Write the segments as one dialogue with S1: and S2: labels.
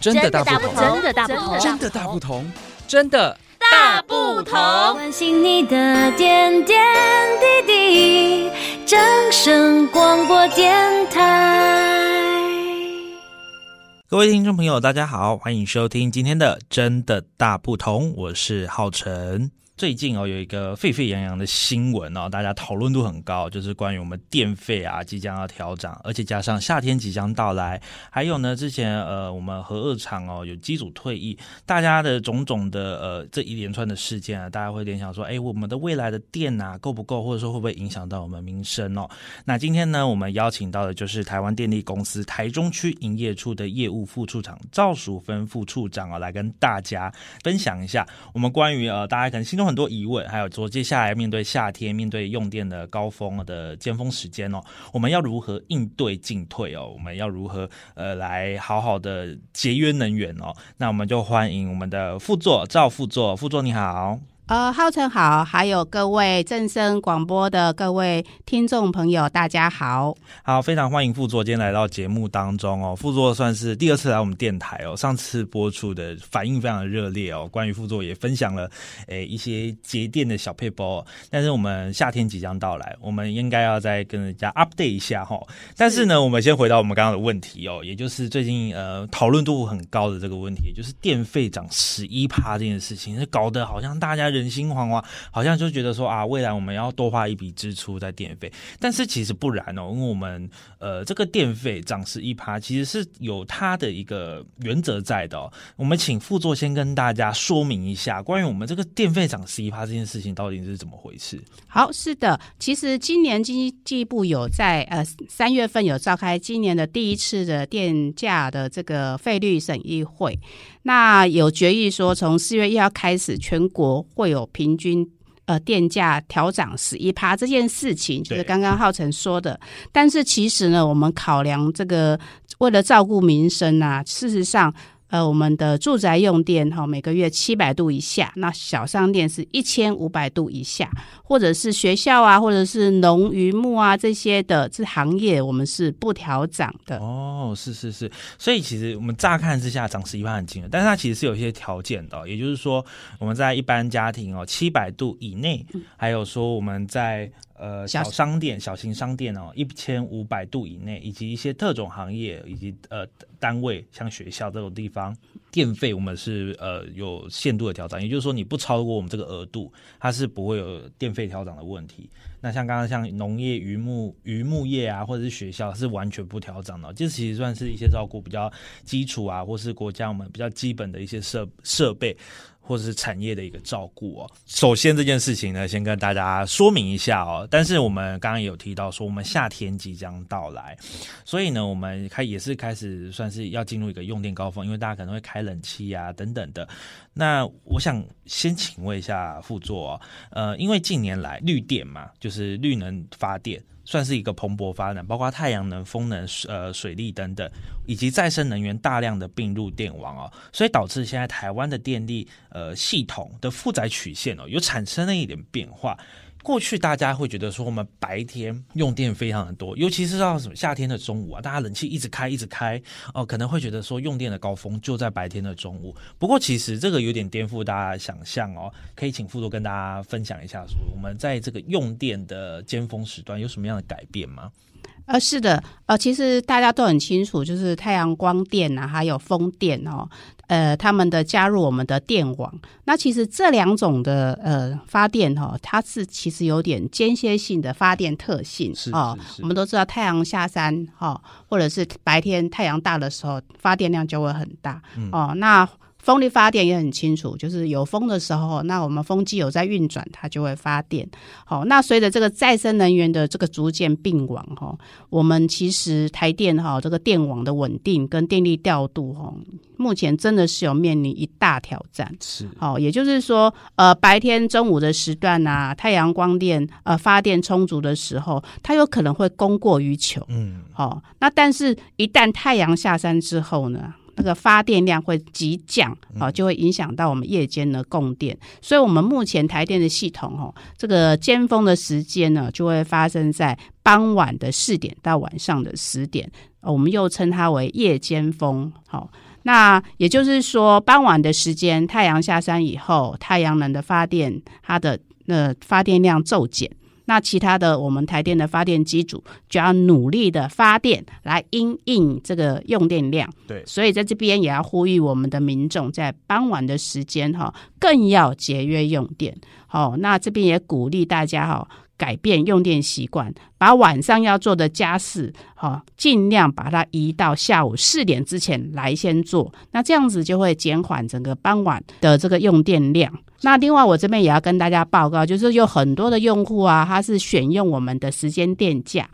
S1: 真的大不同，真的大不同，真的大不同，真的大不同。關心你的點點滴滴，掌聲廣播電台。各位聽眾朋友，大家好，歡迎收聽今天的《真的大不同》，我是浩辰。最近哦，有一個沸沸揚揚的新聞哦，大家討論度很高，就是關於我們電費啊即將要調漲，而且加上夏天即將到來，還有呢，之前呃我們核二廠哦有機組退役，大家的種種的呃這一連串的事件啊，大家會聯想說，哎、欸，我們的未來的電啊夠不夠，或者說會不會影響到我們民生哦？那今天呢，我們邀請到的就是台灣電力公司台中區營業處的業務副處長趙淑芬副處長哦，來跟大家分享一下我們關於呃大家可能心中。很多疑問，還有說接下來面對夏天，面對用電的高峰的尖峰時間哦，我們要如何應對進退哦？我們要如何呃來好好的節約能源哦？那我們就歡迎我們的副座趙副座，副座你好。
S2: 呃，浩辰好，還有各位正聲廣播的各位聽眾朋友，大家好，
S1: 好，非常歡迎副座今天來到節目當中哦。副座算是第二次來我們電台哦，上次播出的反應非常的熱烈哦。關於副座也分享了、欸、一些節電的小撇步、哦，但是我們夏天即將到來，我們應該要再跟人家 update 一下哈、哦。是但是呢，我們先回到我們剛剛的問題哦，也就是最近呃討論度很高的這個問題，就是電費漲十一趴這件事情，是搞得好像大家人。人心惶惶，好像就覺得說啊，未來我們要多花一筆支出在電費，但是其實不然哦，因為我們呃，這個電費漲十一趴，其實是有它的一個原則在的哦。我們請副座先跟大家說明一下，關於我們這個電費漲十一趴這件事情到底是怎麼回事？
S2: 好，是的，其實今年經濟部有在呃三月份有召開今年的第一次的電價的這個費率審議會。那有決議說，從四月一號開始，全國會有平均呃電價調漲十一趴這件事情，就是剛剛浩成說的。對但是其實呢，我們考量，這個為了照顧民生啊，事實上。呃，我們的住宅用電哈，每個月七百度以下，那小商店是一千五百度以下，或者是學校啊，或者是農漁牧啊這些的這行業，我們是不調漲的。哦，
S1: 是是是，所以其實我們乍看之下漲十一塊很驚人，但是它其實是有一些條件的哦，也就是說，我們在一般家庭哦，七百度以內，還有說我們在。嗯呃，小商店、小型商店哦，一千五百度以內，以及一些特種行業以及呃單位，像學校這種地方，電費我們是呃有限度的調整，也就是說，你不超過我們這個額度，它是不會有電費調整的問題。那像剛剛像農業、漁牧、漁牧業啊，或者是學校，是完全不調整的。這其實算是一些照顧比較基礎啊，或是國家我們比較基本的一些設設備。或者是產業的一個照顧哦。首先這件事情呢，先跟大家說明一下哦。但是我們剛剛也有提到說，我們夏天即將到來，所以呢，我們開也是開始算是要進入一個用電高峰，因為大家可能會開冷氣啊等等的。那我想先請問一下副座哦，呃，因為近年來綠電嘛，就是綠能發電，算是一個蓬勃發展，包括太陽能、風能、呃、水力等等，以及再生能源大量的併入電網哦，所以導致現在台灣的電力呃系統的負載曲線哦，有產生了一點變化。過去大家會覺得說，我們白天用電非常的多，尤其是到什麼夏天的中午啊，大家冷氣一直開一直開哦、呃，可能會覺得說，用電的高峰就在白天的中午。不過其實這個有點顛覆大家想象哦，可以請傅卓跟大家分享一下，說我們在這個用電的尖峰時段有什麼樣的改變嗎？
S2: 呃，是的，呃，其實大家都很清楚，就是太陽光電啊，還有風電哦。呃，他們的加入我們的電網，那其實這兩種的呃發電哈、哦，它是其實有點間歇性的發電特性哦。是是是，我們都知道太陽下山哈、哦，或者是白天太陽大的時候，發電量就會很大，嗯、哦。那風力發電也很清楚，就是有風的時候，那我們風機有在運轉，它就會發電。好、哦，那隨着這個再生能源的這個逐漸併網，哈、哦，我們其實台電哈、哦，這個電網的穩定跟電力調度，哈、哦，目前真的是有面臨一大挑戰。是，好、哦，也就是說，呃，白天中午的時段吶、啊，太陽光電呃發電充足的時候，它有可能會供過於求。嗯，好、哦，那但是一旦太陽下山之後呢？這個發電量會急降、哦，就會影響到我們夜間的供電。所以，我們目前台電的系統，吼、哦，這個尖峰的時間呢，就會發生在傍晚的四點到晚上的十點、哦，我們又稱它為夜尖峰。好、哦，那也就是說，傍晚的時間，太陽下山以後，太陽能的發電，它的那、呃、發電量驟減。那其他的，我們台電的發電機組就要努力的發電來因應這個用電量。對，所以在這邊也要呼籲我們的民眾在傍晚的時間哈，更要節約用電。好。那這邊也鼓勵大家哈。改變用電習慣，把晚上要做的家事，好、哦，盡量把它移到下午四點之前來先做。那這樣子就會減緩整個傍晚的這個用電量。那另外，我這邊也要跟大家報告，就是有很多的用戶啊，他是選用我們的時間電價。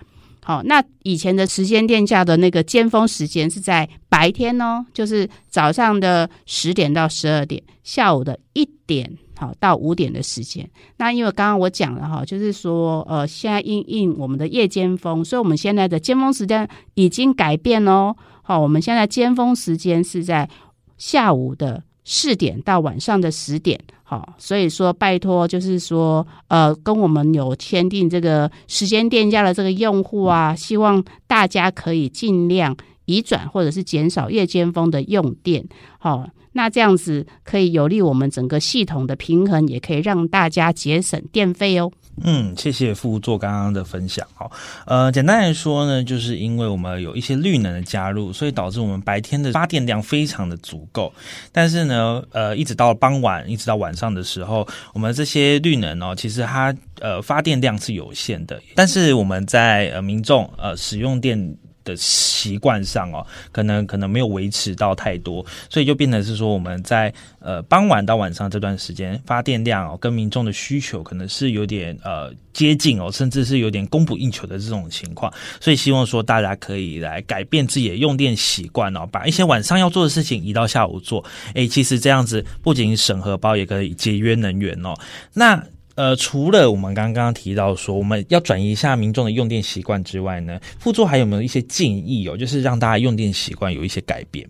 S2: 好、哦，那以前的時間電價的那個尖峰時間是在白天哦，就是早上的十點到十二點，下午的一點。好，到五點的時間。那因為剛剛我講了哈，就是說，呃，現在因應我們的夜尖峰，所以我們現在的尖峰時間已經改變嘍、哦。好、哦，我們現在尖峰時間是在下午的四點到晚上的十點。好、哦，所以說拜托，就是說，呃，跟我們有簽訂這個時間電價的這個用戶啊，希望大家可以盡量。移轉或者是減少夜間峰的用電，好、哦，那這樣子可以有利我們整個系統的平衡，也可以讓大家節省電費哦。嗯，
S1: 謝謝副座剛剛的分享，好、哦，呃，簡單來說呢，就是因為我們有一些綠能的加入，所以導致我們白天的發電量非常的足夠，但是呢，呃，一直到傍晚一直到晚上的時候，我們這些綠能哦，其實它呃發電量是有限的，但是我們在呃民眾呃使用電。的習慣上哦，可能可能沒有維持到太多，所以就變成是說我們在呃傍晚到晚上這段時間發電量，哦，跟民眾的需求可能是有點呃接近哦，甚至是有點供不應求的這種情況，所以希望說大家可以來改變自己的用電習慣哦，把一些晚上要做的事情移到下午做，誒、欸，其實這樣子不僅省荷包，也可以節約能源哦，那。呃，除了我們剛剛提到說我們要轉移一下民眾的用電習慣之外呢，副座還有沒有一些建議哦？就是讓大家用電習慣有一些改變。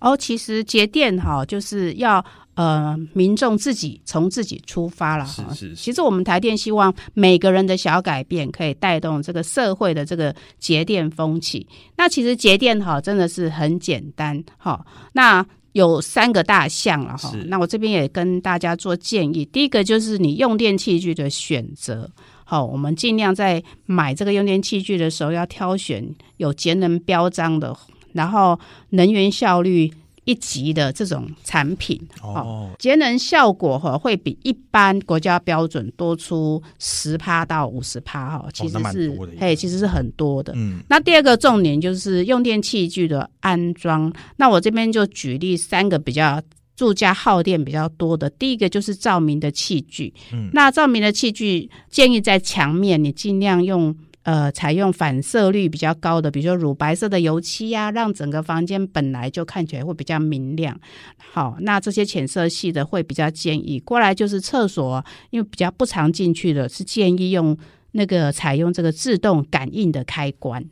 S2: 哦，其實節電哈，就是要呃民眾自己從自己出發了。是，是，是其實我們台電希望每個人的小改變，可以帶動這個社會的這個節電風氣。那其實節電哈，真的是很簡單哈、哦。那有三個大項了哈，那我這邊也跟大家做建議。是第一個就是你用電器具的選擇，好，我們盡量在買這個用電器具的時候要挑選有節能標章的，然後能源效率。一級的這種產品，哦，節能效果哈會比一般國家標準多出10%到50%哈，其實是、哦、嘿，其實是很多的。嗯，那第二個重點就是用電器具的安裝。那我這邊就舉例三個比較住家耗電比較多的，第一個就是照明的器具。嗯，那照明的器具建議在牆面，你盡量用。呃，採用反射率比較高的，比如說乳白色的油漆呀、啊，讓整個房間本來就看起來會比較明亮。好，那這些淺色系的會比較建議過來，就是廁所、啊，因為比較不常進去的，是建議用那個採用這個自動感應的開關。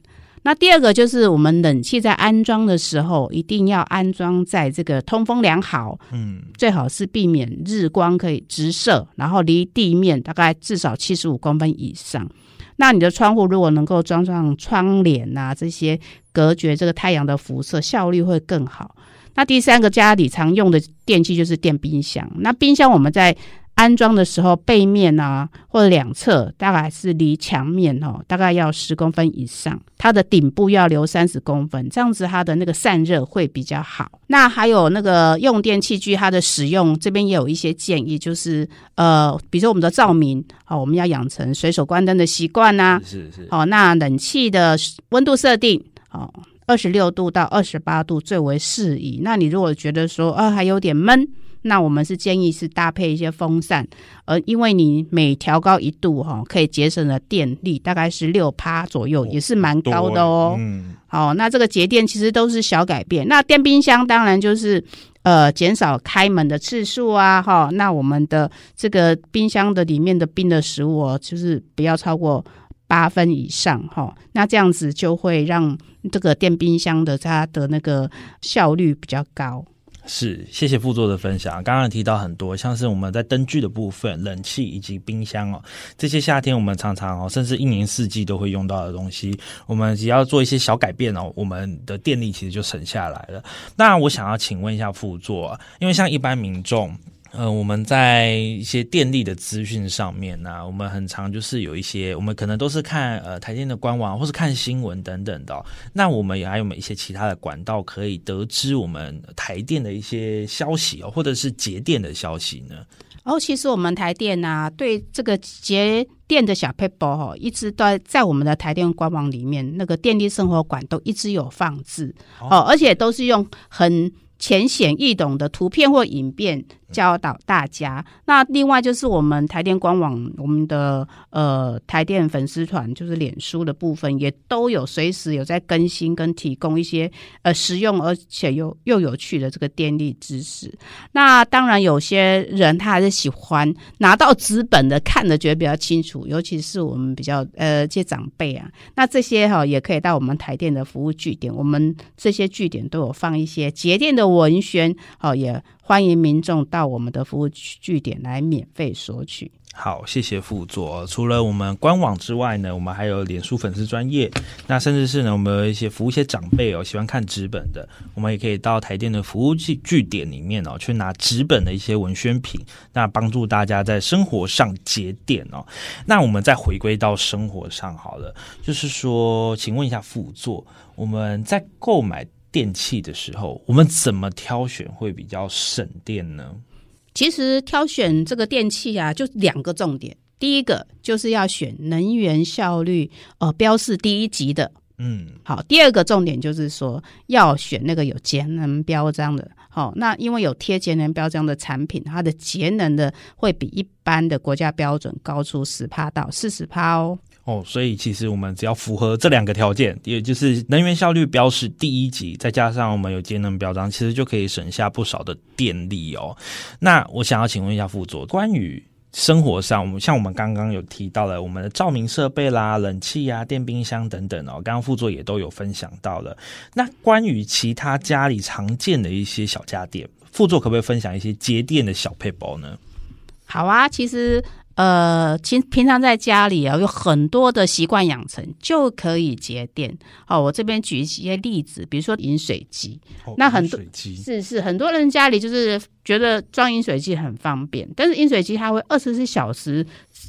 S2: 那第二個就是我們冷氣在安裝的時候，一定要安裝在這個通風良好，嗯，最好是避免日光可以直射，然後離地面大概至少七十五公分以上。那你的窗戶如果能夠裝上窗簾啊，這些隔絕這個太陽的輻射效率會更好。那第三個家裡常用的電器就是電冰箱。那冰箱我們在。安裝的時候，背面啊或者兩側，大概是離牆面哦，大概要十公分以上。它的頂部要留三十公分，這樣子它的那個散熱會比較好。那還有那個用電器具，它的使用這邊也有一些建議，就是呃，比如說我們的照明，好，我們要養成隨手關燈的習慣吶。是是。好，那冷氣的溫度設定，好，二十六度到二十八度最為適宜。那你如果覺得說啊還有點悶。那我們是建議是搭配一些風扇，呃，因為你每調高一度哈、哦，可以節省的電力大概是六趴左右，也是蠻高的哦。好、哦嗯哦，那這個節電其實都是小改變。那電冰箱當然就是呃，減少開門的次數啊，哈、哦。那我們的這個冰箱的裡面的冰的食物哦，就是不要超過八分以上哈、哦。那這樣子就會讓這個電冰箱的它的那個效率比較高。
S1: 是，謝謝副座的分享。剛剛提到很多，像是我們在燈具的部分、冷氣以及冰箱哦，這些夏天我們常常哦，甚至一年四季都會用到的東西，我們只要做一些小改變哦，我們的電力其實就省下來了。那我想要請問一下副座啊，因為像一般民眾。呃，我們在一些電力的資訊上面呢、啊，我們很常就是有一些，我們可能都是看呃台電的官網，或是看新聞等等的、哦。那我們也還有沒有一些其他的管道可以得知我們台電的一些消息哦，或者是節電的消息呢？哦，
S2: 其實我們台電呢、啊，對這個節電的小撇步哈、哦，一直在我們的台電官網裡面，那個電力生活館都一直有放置哦，哦，而且都是用很淺顯易懂的圖片或影片，教導大家。那另外就是我們台電官網，我們的呃台電粉絲團，就是臉書的部分，也都有隨時有在更新跟提供一些呃實用而且又又有趣的這個電力知識。那當然有些人他還是喜歡拿到紙本的，看的覺得比較清楚，尤其是我們比較呃些長輩啊，那這些哈、哦、也可以到我們台電的服務據點，我們這些據點都有放一些節電的文宣，好、哦、也。歡迎民眾到我們的服務據點來免費
S1: 索取。好，謝謝副座。除了我們官網之外呢，我們還有臉書粉絲專業。那甚至是呢，我們有一些服務一些長輩哦，喜歡看紙本的，我們也可以到台電的服務據據點裡面哦，去拿紙本的一些文宣品，那幫助大家在生活上節電哦。那我們再回歸到生活上好了，就是說，請問一下副座，我們在購買。電器的時候，我們怎麼挑選會比較省電呢？
S2: 其實挑選這個電器啊，就兩個重點。第一個就是要選能源效率，呃標示第一級的，嗯，好。第二個重點就是說要選那個有節能標章的。好，哦，那因為有貼節能標章的產品，它的節能的會比一般的國家標準高出十趴到四十趴哦。
S1: 哦，所以其實我們只要符合這兩個條件，也就是能源效率標示第一級，再加上我們有節能標章，其實就可以省下不少的電力哦。那我想要請問一下副座，關於生活上，我們，像我們剛剛有提到了我們的照明設備啦、冷氣啊、電冰箱等等哦，剛剛副座也都有分享到了。那關於其他家裡常見的一些小家電，副座可不可以分享一些節電的小配包呢？
S2: 好啊，其實。呃，其實平常在家裡啊，有很多的習慣養成就可以節電。哦，我這邊舉一些例子，比如說飲水機，飲水機，那很多飲水機是是很多人家裡就是覺得裝飲水機很方便，但是飲水機它會二十四小時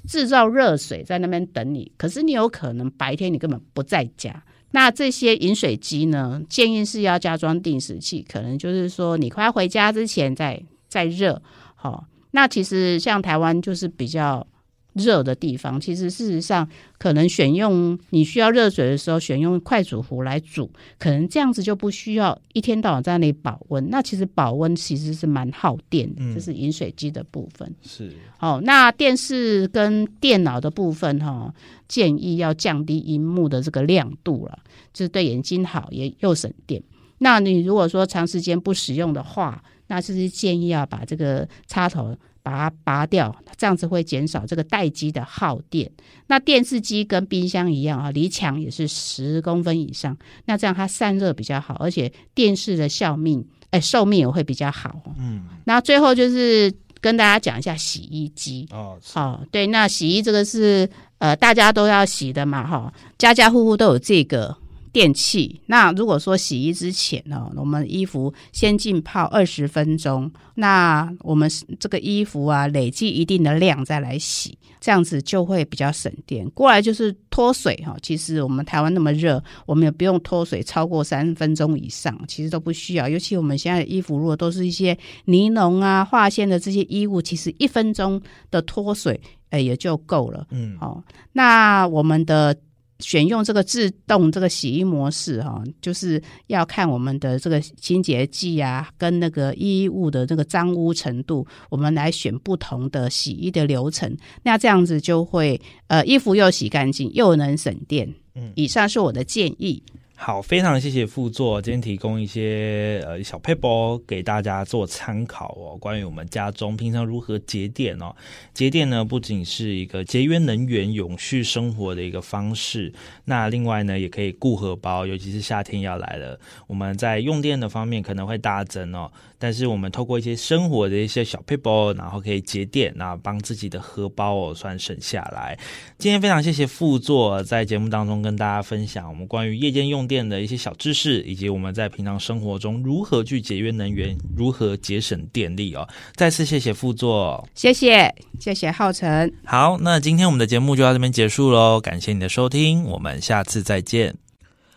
S2: 製造熱水在那邊等你，可是你有可能白天你根本不在家，那這些飲水機呢，建議是要加裝定時器，可能就是說你快回家之前再再熱，好。哦。那其實像台灣就是比較熱的地方，其實事實上可能選用你需要熱水的時候，選用快煮壺來煮，可能這樣子就不需要一天到晚在那裡保溫。那其實保溫其實是蠻耗電的，嗯、這是飲水機的部分。是哦，那電視跟電腦的部分哈、哦，建議要降低螢幕的這個亮度了，就是對眼睛好也又省電。那你如果說長時間不使用的話，那就是建議要把這個插頭把它拔掉，這樣子會減少這個待機的耗電。那電視機跟冰箱一樣啊，離牆也是十公分以上，那這樣它散熱比較好，而且電視的效命，哎，壽命也會比較好。嗯，那最後就是跟大家講一下洗衣機哦，好，哦，對，那洗衣這個是呃大家都要洗的嘛，哈，哦，家家戶戶都有這個。電器，那如果說洗衣，之前呢，我們衣服先浸泡二十分鐘，那我們這個衣服啊，累計一定的量再來洗，這樣子就會比較省電。過來就是脫水哈，其實我們台灣那麼熱，我們也不用脫水超過三分鐘以上，其實都不需要。尤其我們現在的衣服如果都是一些尼龍啊、化纖的這些衣物，其實一分鐘的脫水哎也就夠了。嗯，好，那我們的。選用這個自動這個洗衣模式，哈，就是要看我們的這個清潔劑啊，跟那個衣物的這個髒污程度，我們來選不同的洗衣的流程。那這樣子就會，呃，衣服又洗乾淨，又能省電。
S1: 嗯，以上是我的建議。好，非常謝謝副座今天提供一些呃小撇步哦，給大家做參考哦。關於我們家中平常如何節電哦，節電呢不僅是一個節約能源、永續生活的一個方式，那另外呢也可以顧荷包，尤其是夏天要來了，我們在用電的方面可能會大增哦。但是我們透過一些生活的一些小撇步，然後可以節電，那幫自己的荷包哦算省下來。今天非常謝謝副座在節目當中跟大家分享我們關於夜間用電的一些小知識，以及我們在平常生活中如何去節約能源，如何節省電力哦。再次謝謝副座，
S2: 謝謝謝謝浩成。
S1: 好，那今天我們的節目就到這邊結束嘍，感謝你的收聽，我們下次再見。